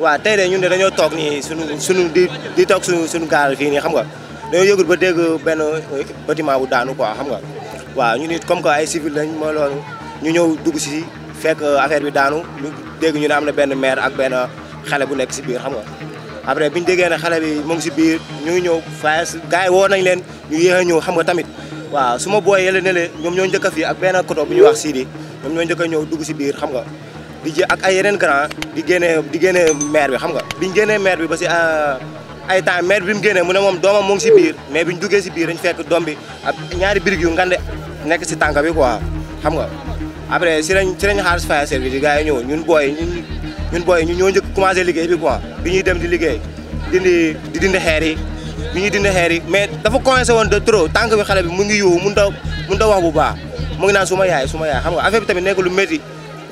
waaw tey de ñun de dañoo toog ni suñu suñu di di toog suñu suñu gaal fii nii xam nga dañoo yëgul ba dégg benn eh, bâtiment bu daanu quoi xam nga waaw ñu nit comme ay civil lañ mooy loolu ñu ñëw dugg si fekk affaire bi daanu ñu ñun am na benn maire ak benn xale bu nekk si biir xam nga après bi ñu déggee ne xale bi mu ngi si biir ñu ñëw fay gars yi woo nañ leen ñu yéex a ñëw xam nga tamit waa su ma booyee la ne ñoom ñoo njëkk a fii ak benn koto bu ñuy wax Sidi ñoom ñoo njëkk a ñëw dugg si biir xam nga di jë ak ay yeneen grand di génnee di maire bi xam nga biñ génnee maire bi ba si euh, ay temps maire bi mu génnee mu ne moom doomam mu ngi si biir mais biñ duggee si biir dañ fekk doom bi ak ñaari birig yu ngande nekk si tànk bi quoi xam nga après si lañ si lañ xaar si fire service yi gars yi ñëw ñun booy ñu ñun booy ñu ñoo njëkk commencé liggéey bi quoi bi ñuy dem di liggéey dindi di dindi xeer yi bi ñuy dindi xeer yi mais dafa commencé woon de trop tànk bi xale bi mu ngi yow mun ta mun ta wax bu baax mu ngi naan ma yaay su ma xam nga affaire bi tamit nekk lu métti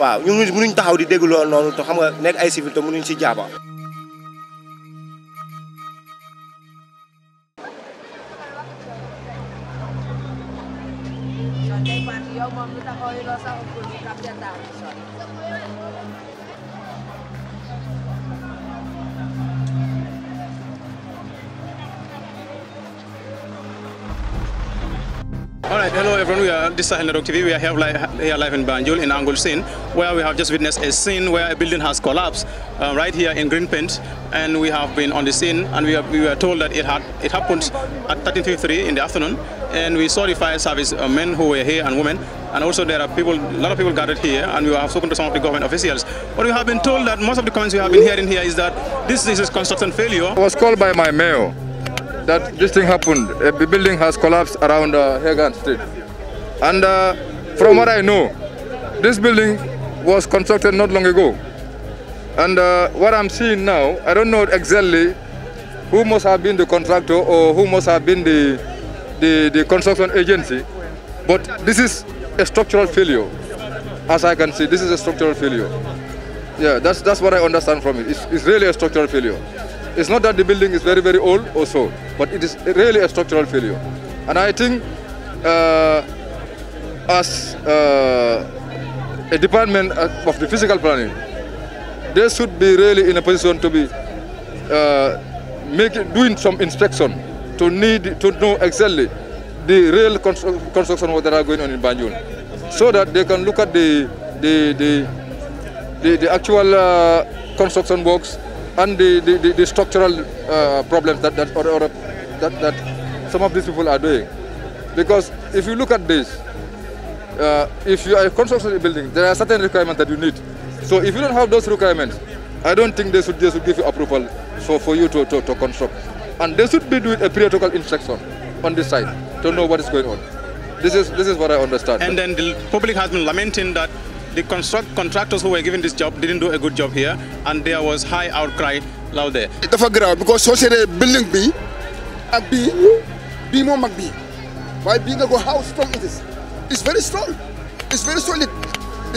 waaw ñun mënuñ taxaw di dégg loolu noonu te xam nga nekk ay civil te mënuñ si jaaba Right, hello everyone. We are this is Network TV. We are here live, here live in Banjul in Angul where we have just witnessed a scene where a building has collapsed uh, right here in Greenpint, and we have been on the scene, and we, have, we were told that it had it happened at 13:53 in the afternoon, and we saw the fire service uh, men who were here and women, and also there are people, a lot of people gathered here, and we have spoken to some of the government officials. But we have been told that most of the comments we have been hearing here is that this is a construction failure. I was called by my mayor that this thing happened. The building has collapsed around uh, Hagan Street. And uh, from what I know, this building was constructed not long ago. And uh, what I'm seeing now, I don't know exactly who must have been the contractor or who must have been the, the, the construction agency, but this is a structural failure. As I can see, this is a structural failure. Yeah, that's, that's what I understand from it. It's, it's really a structural failure. It's not that the building is very, very old or so. But it is really a structural failure. And I think uh, as uh, a department uh, of the physical planning, they should be really in a position to be uh, making, doing some inspection to need to know exactly the real constru construction work that are going on in Banjul, so that they can look at the the the the, the actual uh, construction works and the, the, the structural uh, problems that, that or, or that, that some of these people are doing. Because if you look at this, uh, if you are constructing a building, there are certain requirements that you need. So if you don't have those requirements, I don't think they should, they should give you approval for, for you to, to, to construct. And they should be doing a periodical inspection on this side to know what is going on. This is, this is what I understand. And then the public has been lamenting that the construct contractors who were given this job didn't do a good job here and there was high outcry loud there. It's because social building be ak bii bii moo mag bii waaye bii nga ko how strong it is it's very strong it's very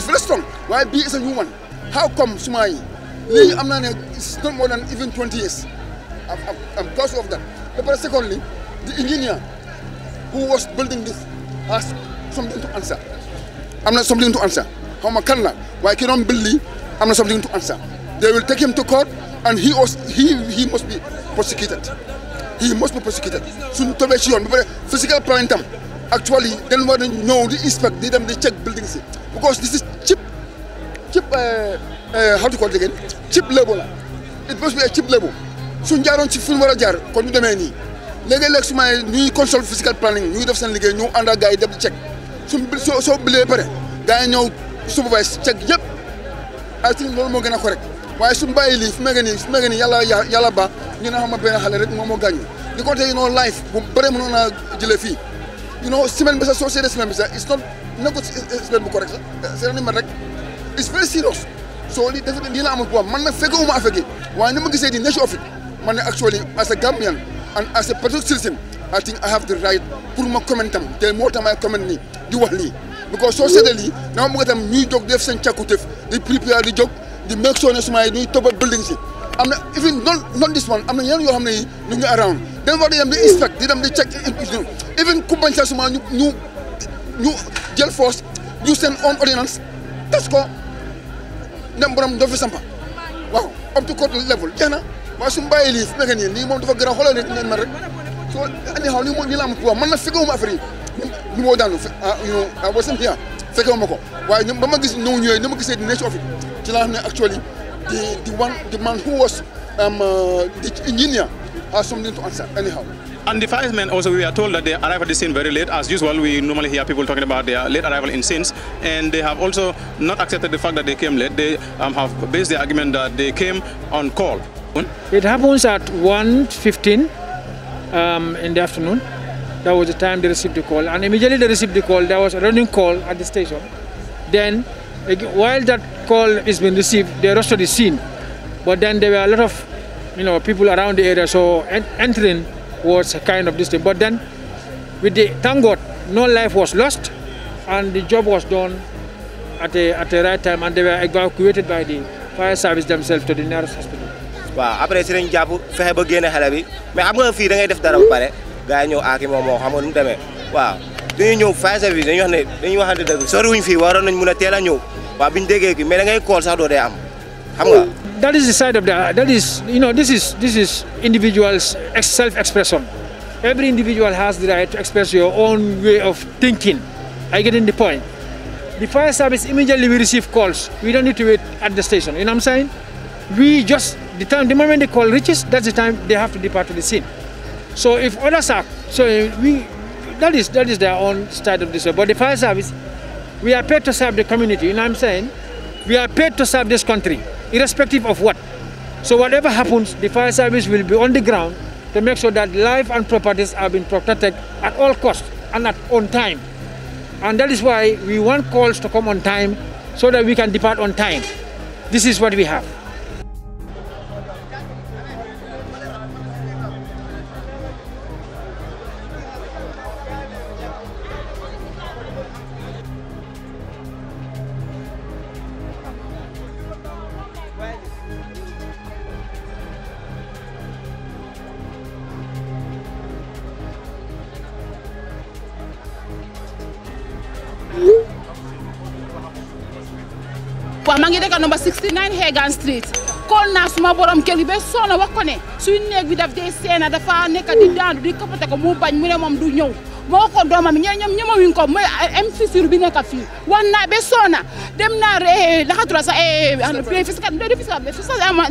very strong waaye bii is a new one how come suma yi lii am naa ne it's not more than even twenty years am because of that the engineer who was building this has something to answer am na something to answer xaw ma kan la waaye build lii am na something to answer they will take court and he must be prosecuted. yii mos na persécuté suñu tombee ci yoon ñëw di dem di check building si because this is cheap cheap eh, eh, how do you la it must be a cheap labour jaaroon ci fu ñu war a jaar kon ñu demee nii léegi-léeg su ma ñuy consult physical planning ñuy def seen liggéey ñu ànd ak gars yi dem di check suñ soo soo bilee pare gars yi ñëw supervise check yëpp I think loolu moo gën a correct waaye suñu bàyyi lii fu mu nekk nii fu mu nekk nii yàlla yàlla ba ñu ne xam nga xale rek moom gaañu di côté you know life bu bëre mënoon naa jëlee fii you know semaine bi soo seetee semaine bi it's not nekkul semaine bu correct sax eh, seetlu nañu man rek it's very serious soo lii dafa lii la amul quoi man nag fekke wu ma waaye ni ma gisee di of it man ne actually as a Gambian and as a patriotic citizen I think I have the right pour ma comment tam te moo tax may comment di make sure ne semence yi ñuy toppal building si am na even non this one am na yeneen yoo xam ne yi ñu ngi around dañ war di dem di inspect di dem di check even ku bañ sa semence ñu ñu ñu jël force ñu seen on ordinance tas ko dem borom doo fi sampa waaw up to court level jeex na waaye su ma bàyyi lii fu mu nekk nii moom dafa gara a xoolal nit ñi man rek soo andi xaw nii moom nii la am man nag fekke wu ma affaire moo daanu ah you know ah wasam here fekke ko waaye ñoom ba ma gis ñëw ñëwee ni ma gisee dinañ actually, the, the one, the man who was um, uh, the engineer has something to answer anyhow. And the firemen also, we are told that they arrived at the scene very late. As usual, we normally hear people talking about their late arrival in scenes, and they have also not accepted the fact that they came late. They um, have based their argument that they came on call. It happens at 1.15 um, in the afternoon. That was the time they received the call. And immediately they received the call, there was a running call at the station. Then, while that call has been received, they rushed to the scene. But then there were a lot of you know, people around the area, so en entering was a kind of distance. But then, with the, thank God, no life was lost, and the job was done at the, at the right time, and they were evacuated by the fire service themselves to the nearest hospital. Wow, après si lañ jàpp fexe ba génne xale bi mais xam nga fii da ngay def dara ba pare gars yi ñëw aaki moom moo xamoon nu mu waaw dañuy ñëw fire service dañuy wax ne dañuy waxante dëgg soriwuñ fii waroon nañ mun a teel a ñëw Oh, that is the side of the uh, that is you know this is this is individual's self expression. every individual has the right to express your own way of thinking. I get in the point? The fire service immediately we receive calls. We don't need to wait at the station. You know what I'm saying? We just the time the moment the call reaches, that's the time they have to depart to the scene. So if others are so we that is that is their own side of this. But the fire service we are paid to serve the community, you know what I'm saying? We are paid to serve this country, irrespective of what. So whatever happens, the fire service will be on the ground to make sure that life and properties are being protected at all costs and at on time. And that is why we want calls to come on time so that we can depart on time. This is what we have. waaw maa ngi dëkk number 69 Hagan Street kool naa suma borom kër gi ba soona wax ko ne suy néeg bi daf dee seena dafa nekk di daanu di kapate ko mu bañ mu ne moom du ñëw moo ko doomam ñe ñoom ñëma wiñ ko mooy am fissure bi nekk fii wax naa ba soona dem naa laxatura sax fiskat fiskat ama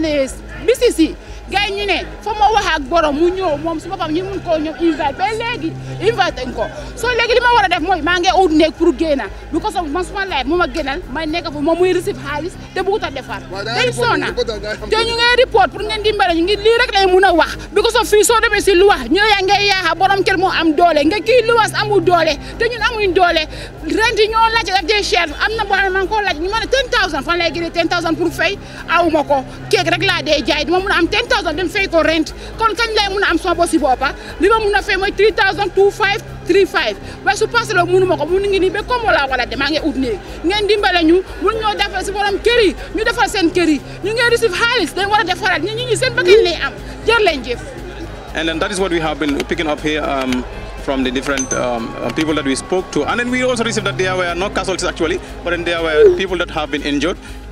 bisisi gars yi ñu ne fa ma wax a borom mu ñëw moom su boppam ñu mun koo ñëw invite ba léegi invite ko so léegi li ma war a def mooy maa ngi ut néeg pour génn bu ko soog man suma laaj mu ma gënal a nekk fa moom muy receive xaalis te bëggut a defar day soona te ñu ngay report pour ngeen dimbale ñu ngi lii rek lay mun a wax bi ko soog fii soo demee si luwa ñu yaa ngay a borom kër moo am doole nga kii luwas amul doole te ñun amuñ doole rent ñoo laaj a am dem fay ko rent kon lay am si li ma fay su passé ko ngi comme wala ngi ngeen dimbale ñu defal borom kër yi ñu defal seen kër yi ñu ngi receive dañ ñi ñi seen lay am jër jëf And then that is what we have been picking up here um, from the different um, people that we spoke to. And then we also received that there were no casualties actually, but then there were people that have been injured.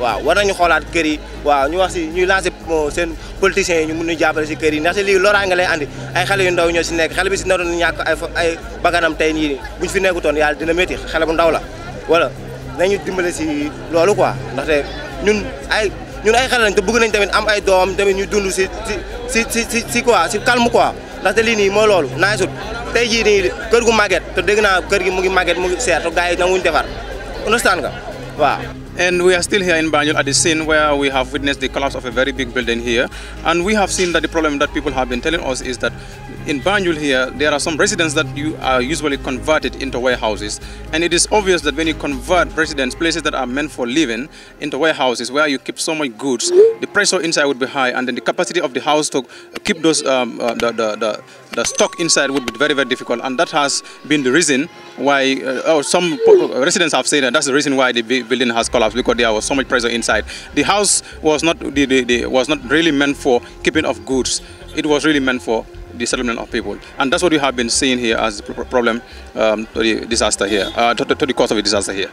waaw war nañu xoolaat kër yi waaw ñu wax si ñuy lancé seen politiciens yi ñu mun a jàppale si kër yi ndax si lii loraa nga lay andi ay xale yu ndaw ñoo si nekk xale bi si naroon ñàkk ay ay baganam tey nii buñ fi nekkutoon yàlla dina métti xale bu ndaw la wala nañu dimbale si loolu quoi ndaxte ñun ay ñun ay xale lañ te bëgg nañ tamit am ay doom tamit ñu dund si si si si si quoi si calme quoi ndaxte lii li ni loolu naay sut tey jii nii kër gu màgget te dégg naa kër gi mu ngi màgget mu ngi seer te gars yi nanguñ defar understand nga waaw And we are still here in Banjul at the scene where we have witnessed the collapse of a very big building here. And we have seen that the problem that people have been telling us is that in Banjul here, there are some residents that you are usually converted into warehouses. And it is obvious that when you convert residents, places that are meant for living, into warehouses where you keep so much goods, the pressure inside would be high. And then the capacity of the house to keep those um, uh, the, the, the, the, stock inside would be very, very difficult. And that has been the reason why, uh, oh, some residents have said that that's the reason why the building has collapsed collapse because there was so much pressure inside. The house was not the, the, the, was not really meant for keeping of goods. It was really meant for the settlement of people, and that's what we have been seeing here as the problem um, to the disaster here, uh, to, to, the cause of the disaster here.